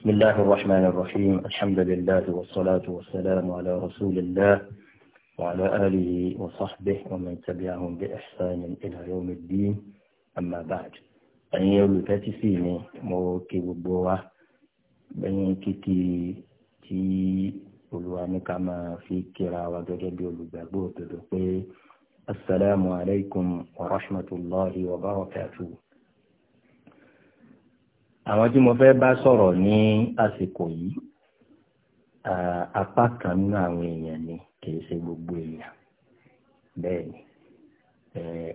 بسم الله الرحمن الرحيم الحمد لله والصلاة والسلام على رسول الله وعلى آله وصحبه ومن تبعهم بإحسان إلى يوم الدين أما بعد أن يولي تاتسيني موكي ببوا بنيكي تي تي ولواني كما في كرا وجدبي ولبابو السلام عليكم ورحمة الله وبركاته àwọn tí mo fẹ́ bá sọ̀rọ̀ ní àsìkò yìí apá kan nínú àwọn èèyàn ni kì í ṣe gbogbo èèyàn bẹ́ẹ̀ ni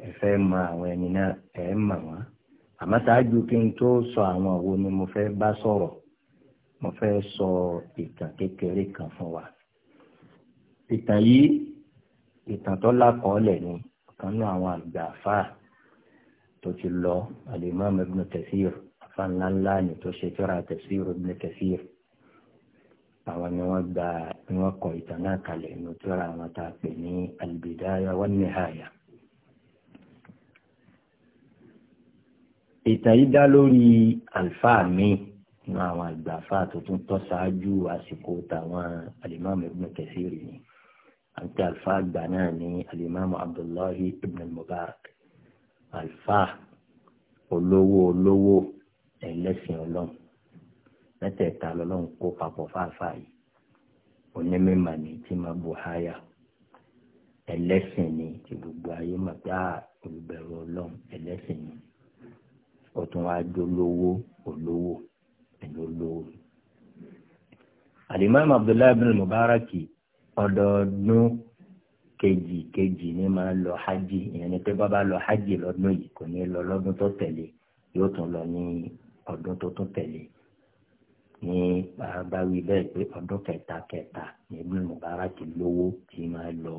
ẹ fẹ́ mọ àwọn ẹni náà ẹ mọ̀ wọ́n àmọ́ ṣáájú kí n tó sọ àwọn wo ni mo fẹ́ bá sọ̀rọ̀ mo fẹ́ sọ ìtàn kékeré kan fún wa ìtàn yìí ìtàn tó lákọọ́lẹ̀ ni ọ̀kan nínú àwọn àgbà àfáà tó ti lọ Al-Imam Ibn Kathir àfààní ńlá ni tó ṣe tírà tafsir ibn kathir àwọn ni wọ́n gba ni wọ́n kọ ìtàn náà kalẹ̀ inú tírà àwọn tá a pè ní al-bidaya wan nihaya. ìtàn yìí dá lórí àlùfáà mi nínú àwọn àgbàfà tó tún tọ́ ṣáájú àsìkò tàwọn al-imam ibn ni àti àlùfáà àgbà náà ní al abdullahi ibn mubarak àlùfáà olówó olówó ẹlẹ́sìn ọlọ́run mẹ́tẹ̀ẹ̀ta lọ́lọ́run kó papọ̀ fáfá yìí onímọ̀ ní tí máa bu háyà ẹlẹ́sìn ni tí gbogbo ayé máa ah, gbá olùbẹ̀rù ọlọ́run ẹlẹ́sìn ni ó tún wá dolówó olówó ẹni olówó. alimami abdullahi bin mubaraki ọdọọdún kejì kejì ní máa lọ hajj ìyẹn ni pé bàbá lọ hajj lọ́dún yìí kò ní lọ lọ́dún tó tẹ̀lé yóò tún lọ ní ọdún tó tún tẹ̀lé ní bàbá wí bẹ́ẹ̀ pé ọdún kẹta kẹta ní Ibn Mubarak lówó tí máa lọ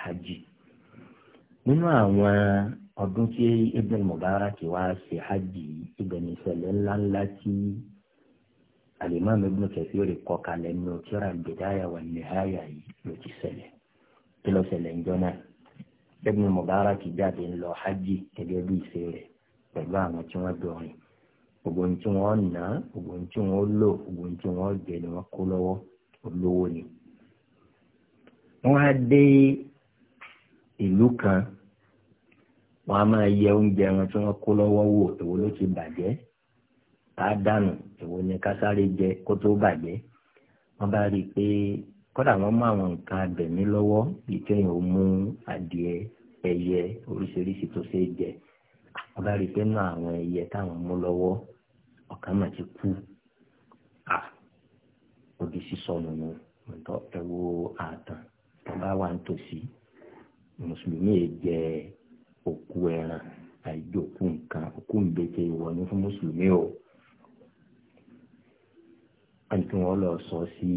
hajj nínú àwọn ọdún tí Ibn Mubarak wá ṣe hajj ibẹ̀ ní ìṣẹ̀lẹ̀ ńláńlá tí Al-Imam Ibn Kathir kọ kalẹ̀ ní òtíra al-Bidaya wal-Nihaya yìí ló ti ṣẹlẹ̀ kí ló ṣẹlẹ̀ ń jọ náà Ibn Mubarak jáde ńlọ hajj gẹ́gẹ́ bí ìṣe rẹ̀ pẹ̀lú àwọn tí wọ́n dọ̀rin gbogbo ohun tí wọ́n ná gbogbo tí wọ́n lò tí wọ́n ni wọ́n kó lọ́wọ́ olówó wọ́n á dé ìlú kan wọ́n á máa yẹ oúnjẹ wọn tí wọ́n kó lọ́wọ́ wò èwo ló ti bàjẹ́ á dànù èwo ni jẹ kó tó bàjẹ́ wọ́n bá rí i pé kódà wọ́n mú àwọn nǹkan abẹ̀mí lọ́wọ́ ọ̀kan mà ti kú à òbí sísọnù nù mọ̀tọ́ ẹ wo àtàn tó bá wà nítòsí mùsùlùmí yìí jẹ òkú ẹran àìjọ òkú nǹkan òkú nbẹ̀tẹ̀ ìwọ ni fún mùsùlùmí o wọ́n ti wọ́n lọ sọ sí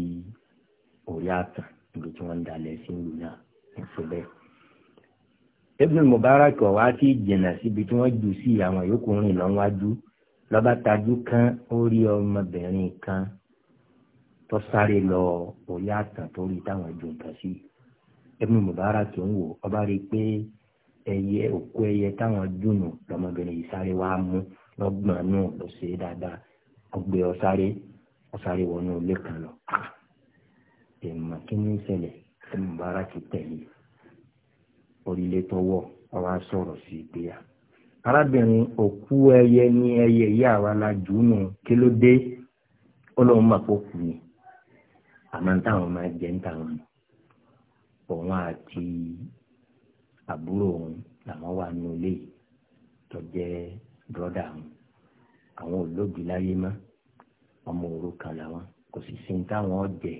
orí àtàn níbi tí wọ́n ń dalẹ̀ sí ìlú náà nífẹ̀ẹ́ bẹ́ẹ̀. Ibn Mubarak wá ti jìnnà síbi tí wọ́n jù sí àwọn yòókù rìn lọ́wájú lọ́ba tajú kan ó rí ọmọbìnrin kan tó sáré lọ orí àtàn tó rí táwọn ẹjọ́ nǹkan sí Ibn Mubarak ń wò ọba rí i pé ẹyẹ òkú ẹyẹ táwọn dùnú lọmọbìnrin yìí sáré wàá mú lọgbọn náà lọ sí i dáadáa ọgbẹ ọsáré ọsáré wọnú ilé kan lọ èèmọ ah! kí ni ń ṣẹlẹ̀ Ibn Mubarak tẹ̀lé orílẹ̀ tọwọ́ ọba sọ̀rọ̀ sí i ah, arábìnrin òkú ẹyẹ ní ẹyẹ ìyá àwa la jù ú nù kí ló dé ó lóun mà kó kù ni àmọ́ táwọn máa jẹ́ ń táwọn òun àti àbúrò òun làwọn wà nù lé tó jẹ́ bọ́dà òun àwọn olóògbé láyé mọ́ ọmọ òrukàn làwọn kò sì sí ní táwọn jẹ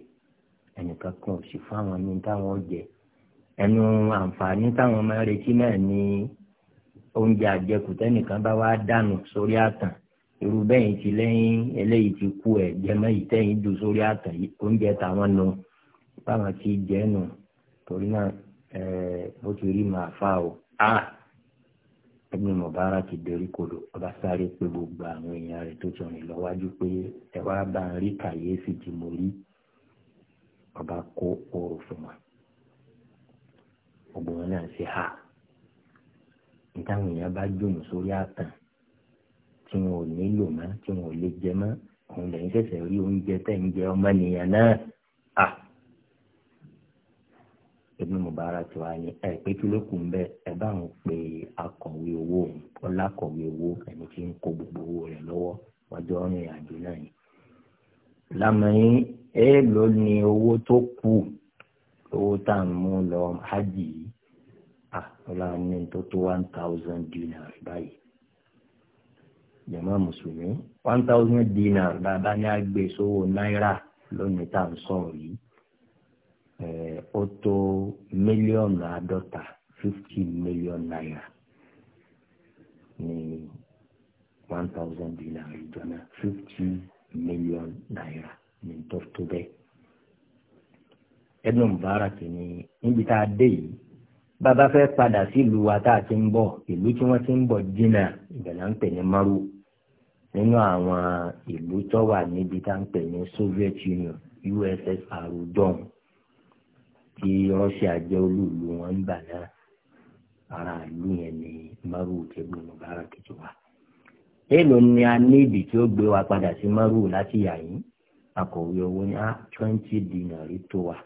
ẹnìkan kan ò sì fún àwọn ní táwọn jẹ ẹnu àǹfààní táwọn máa retí náà ní. Ni oúnjẹ àjẹkù tẹ́nìkan bá wá dànù sórí àtàn irú bẹ́yìn ti lẹ́yìn eléyìí ti kú ẹ̀ jẹmọ́ yìí tẹ́yìn jù sórí àtàn oúnjẹ tàwọn nù báwọn ti jẹ́ nù torí náà bó ti rí màá fà o a ẹgbẹ́ Mubarak ti dorí kodò ọba sáré pé gbogbo àwọn èèyàn rẹ̀ tó ti lọ́wájú pé ẹ wá bá ń rí kàyéfì tí mo rí ọba kó oòrùn fún wa gbogbo wọn náà ha. nítawọn èèyàn bá jòyìn sórí àtàn tí wọn ò nílò mọ́ tí wọn ò lè jẹ mọ́ òun lẹ́yìn ṣẹ̀ṣẹ̀ rí oúnjẹ tẹ̀ ń jẹ ọmọnìyàn náà à Ibn Mubarak tí wàá ní ẹ pé kí ló kù ń bẹ ẹ bá ń pe akọ̀wé owó ọlákọ̀wé owó ẹni tí ń kó gbogbo owó rẹ̀ lọ́wọ́ wájú ọrùn ìrìnàjò náà yìí lamẹ́yìn èèlò ni owó tó kù owó tá à ń mú lọ hajj yìí à ah, ọlọ́run ní tó tó one thousand dinar báyìí jàmá mùsùlùmí one thousand dinar bàbá ní àgbè sówó náírà lónìí tá à ń sọ̀rọ̀ yìí eh, ó tó mílíọ̀nù àádọ́ta fifty million naira ní one thousand dinar ìjọba fifty million naira ní tó tó bẹ́ẹ̀. Ibn Mubarak ni níbi tá a dé yìí bàbá fẹ́ padà sílùú wa tá a ti ń bọ̀ ìlú tí wọ́n ti ń bọ̀ jìnnà ìbẹ̀là ń pè ní maru nínú àwọn ìlú tó wà níbi tá ń pè ní Soviet Union USSR dọ́n tí Russia jẹ́ olúùlú wọn ń bà náà ara ìlú yẹn ní maru tẹ́gbọ̀n bára kejì wa. èèlò ni a ní ibi tí ó gbé wa padà sí maru láti yà yín akọ̀wé owó ní a ah, twenty dinari tó wa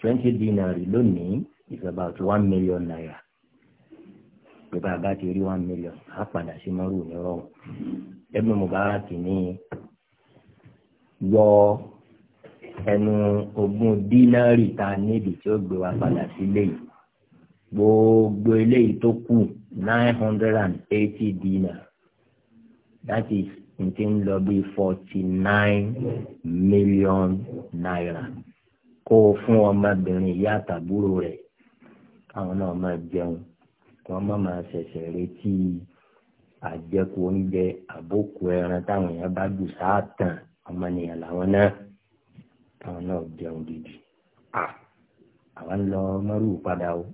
twenty dinari lónìí is about one million naira pé bàbá ti rí one million á padà sí mọ́rù ní rọrùn ẹbí Mubarak ní yọ ẹnu ogún dínárì ta níbi tí ó gbé wa padà sílé yìí gbogbo eléyìí tó kù nine hundred and eighty dinar that is n ti ń lọ bí forty nine million naira kó o fún ọmọbìnrin ìyá àtàbúrò rẹ̀ káwọn náà máa jẹun kí wọ́n má máa ṣẹ̀ṣẹ̀ retí àjẹkù oúnjẹ àbókù ẹran táwọn èèyàn bá jù sáàtàn ọmọnìyàn làwọn náà káwọn náà jẹun gidi àwọn lọ mọ́rù padà o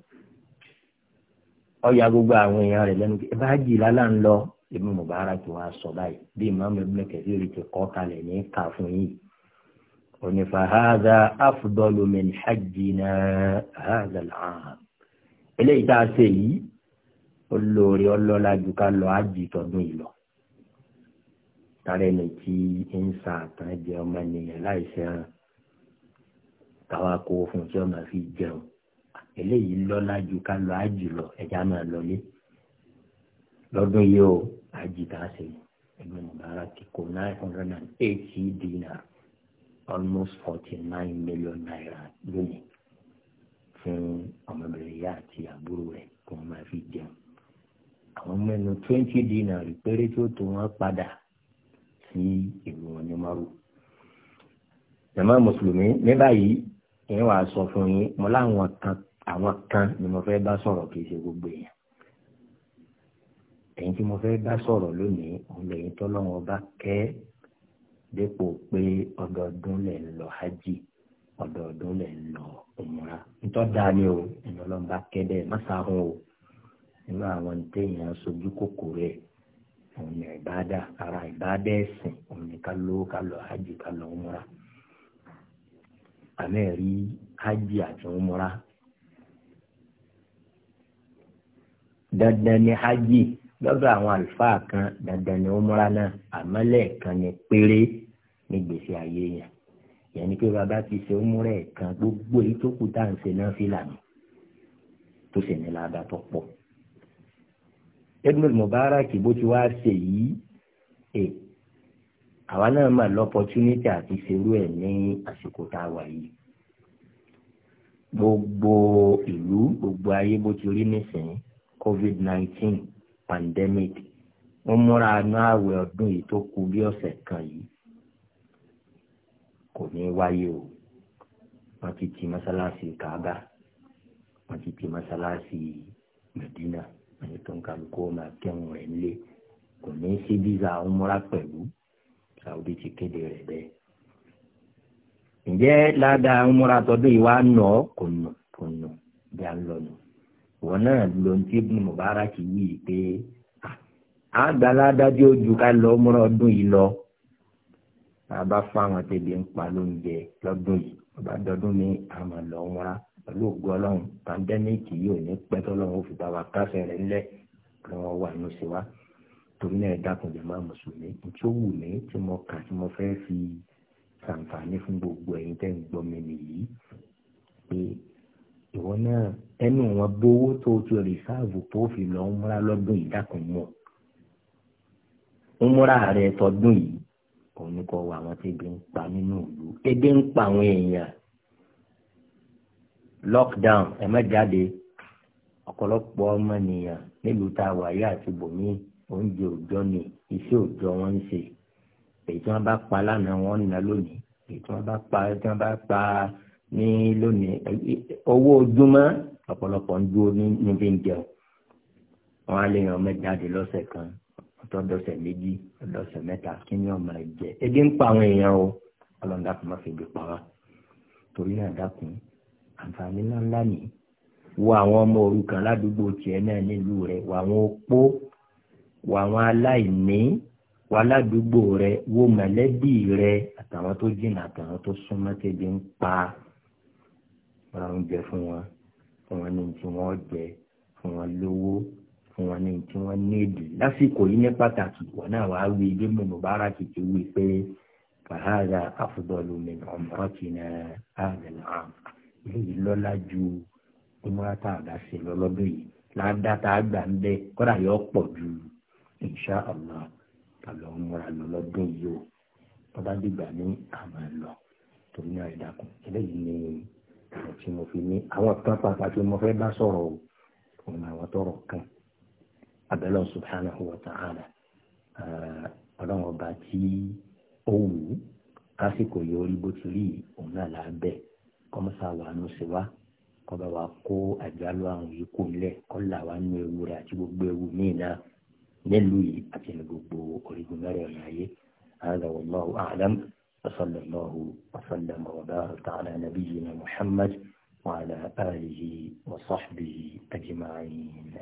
ọ̀ya gbogbo àwọn èèyàn rẹ̀ lẹ́nu ẹ bá lálá ń lọ ibi mubarak tó wá sọ báyìí bí imaamu ibùdó kẹfì rí ti kọ́ kalẹ̀ ní ká fún yìí onífà hàdà afdalu min hajjina hàdà eléyìí tá a ṣe yìí olóore ọlọ́lá ju ká lọ ájì tọdún yìí lọ tààrẹ ní tí ń sa àtàn jẹ ọmọ ènìyàn láìsẹ hàn káwa kó fún tí ọmọ fi jẹun eléyìí lọ́lá ju ká lọ ájì lọ ẹja máa lọlé lọ́dún yìí ó ájì tá a ṣe ẹgbẹ́ mọ̀bára kíkó nine hundred and eighty dinar almost forty nine million naira lónìí fún ọmọbìnrin yá àti àbúrò rẹ̀ kí wọ́n máa fi jẹun àwọn mẹ́nu twenty dinari péré tí ó tó wọn padà sí ìlú wọn ní márùn. jàmá mùsùlùmí ní báyìí ìyẹn wàá sọ fún yín mo láwọn kan àwọn kan ni mo fẹ́ bá sọ̀rọ̀ kì í ṣe gbogbo èèyàn ẹ̀yin tí mo fẹ́ bá sọ̀rọ̀ lónìí òun lẹ́yìn tọ́lọ́wọ́n bá kẹ́ dépò pé ọdọọdún lẹ̀ ń lọ hajj ọ̀dọ̀ọ̀dún lẹ̀ lọ òmùra nítọ́ dáa ni o ẹ̀yin ọlọ́mọba kẹ́dẹ́ mọ́sàáhùn o nínú àwọn téèyàn sojú kòkòrò ẹ̀ òun ni ìbáadà ara ìbáadà ẹ̀sìn òun ni ká ló ká lọ hajj ká lọ òmùra àmì ẹ̀rí hajj àti òmùra dandan ni hajj lọ́dọ̀ àwọn àlùfáà kan dandan ni òmùra náà àmọ́ lẹ́ẹ̀kan ni péré ní gbèsè ayé yẹn yẹn ni pé bàbá ti ṣe òmùrẹ̀ kan gbogbo èyí tó kù tá à ń ṣe náà fi lànà tó sì ní ládà tó pọ̀. Ibn al-Mubarak bó ti wá ṣe yìí ẹ̀ eh, àwa náà mà lọ́pọ̀túnítì àti ṣerú ẹ̀ ní àsìkò tá a wà yìí gbogbo ìlú gbogbo ayé bó ti rí nísìnyí covid 19 pandemic wọ́n múra àánú ààwẹ̀ ọdún yìí tó kù bí ọ̀sẹ̀ kan yìí kò ní wáyé o wọ́n ti ti mọ́sálásí Kaaba wọ́n ti ti mọ́sálásí Medina ẹni tó ń kálukú máa kẹ́hùn rẹ̀ nílé kò ní sí bíza ọmọra pẹ̀lú Saudi ti kéde rẹ̀ bẹ́ẹ̀. ǹjẹ́ ládàá ọmọra tọdún yìí wá nọ kò nù kò nù bí a ń lọ nù wọn náà ló ń Mubarak yìí pé àgbàlá ojú ká lọ ọmọra ọdún yìí lọ bàbá fáwọn tẹ̀lé ń pa lóúnjẹ lọ́dún yìí bàbá dọdún ní àmọ̀ lọ wọ́nra pẹ̀lú ògo ọlọ́run pandẹ́míkì yìí ò ní pẹ́ tọ́lọ́run ó fi bá wa kásẹ̀ rẹ̀ ńlẹ̀ kí wọ́n wà ní ṣe wá torí náà dákun lè má mùsùlùmí tí ó wù mí tí mo kà tí mo fẹ́ fi ṣàǹfààní fún gbogbo ẹ̀yin tẹ́ ń gbọ́ mi nìyí pé ìwọ náà ẹnu wọn gbowó tó ti rìsáàvù tó fi lọ ń múra lọ́dún yìí dákun mọ́ ń múra rẹ̀ tọdún yìí òun ní kọ́ wọ àwọn tí ebi ń pa nínú ìlú ebi ń pa àwọn èèyàn lockdown ẹ má jáde ọ̀pọ̀lọpọ̀ ọmọnìyàn nílùú tá a wà yá àti bòmí oúnjẹ òòjọ́ ni iṣẹ́ òòjọ́ wọn ń ṣe èyí tí wọ́n bá pa lánàá wọn ń ná lónìí èyí tí wọ́n bá pa tí wọ́n bá pa ní lónìí owó ojúmọ́ ọ̀pọ̀lọpọ̀ ń dúró ní níbi ń jẹun wọn á lè yàn ọmọ jáde lọ́sẹ̀ kan tọ́dọ̀sẹ̀ méjì ọ̀dọ̀sẹ̀ mẹ́ta kí ni ọmọ ẹ jẹ ebi ń pa àwọn èèyàn o ọlọ́run dákun má fi gbé pa wá torí náà àǹfààní ńláńlá ni wo àwọn ọmọ òrukàn ládùúgbò tiẹ̀ náà nílùú rẹ̀ wo àwọn opó wo àwọn aláìní wo aládùúgbò rẹ̀ wo mọ̀lẹ́bí rẹ̀ àtàwọn tó jìnnà àtàwọn tó súnmọ́ tẹ́bi ń pa ọ̀rọ̀ oúnjẹ fún wọn fún wọn ní tí wọ́n jẹ fún wọn lówó fún wọn ní tí wọ́n ní èdè lásìkò yìí ní pàtàkì wọn náà wàá wí ibi mọ̀nàbára ti ti wí pé fàhádà àfùdọ́lù mi umratina àgbẹ̀lá èyí lọ́la ju ìmúratà àdáṣe lọ́lọ́dún yìí ládàtà àgbà ń bẹ kọ́dà yóò pọ̀ ju múra lọ́lọ́dún yìí o na dìgbà ní àmà lọ torí náà ni tí mo fi ní àwọn kan pàtàkì mo fẹ́ bá sọ̀rọ̀ o òun àwọn tọrọ abẹ́lẹ́ subhanahu wa ta'ala ọlọ́run ọba tí ó wù ú kásìkò yọrí bó ti rí òun náà là á bẹ̀ kọ́mọ́sá wà nù sí wa kọ́ba wa kó àjálù àwọn yìí kò lẹ̀ kọ́là wa nù ewu rẹ̀ àti gbogbo ewu míì náà nílùú yìí àti ní gbogbo orígun mẹ́rin ayé هذا والله أعلم وصلى الله وسلم وبارك على نبينا محمد وعلى آله وصحبه أجمعين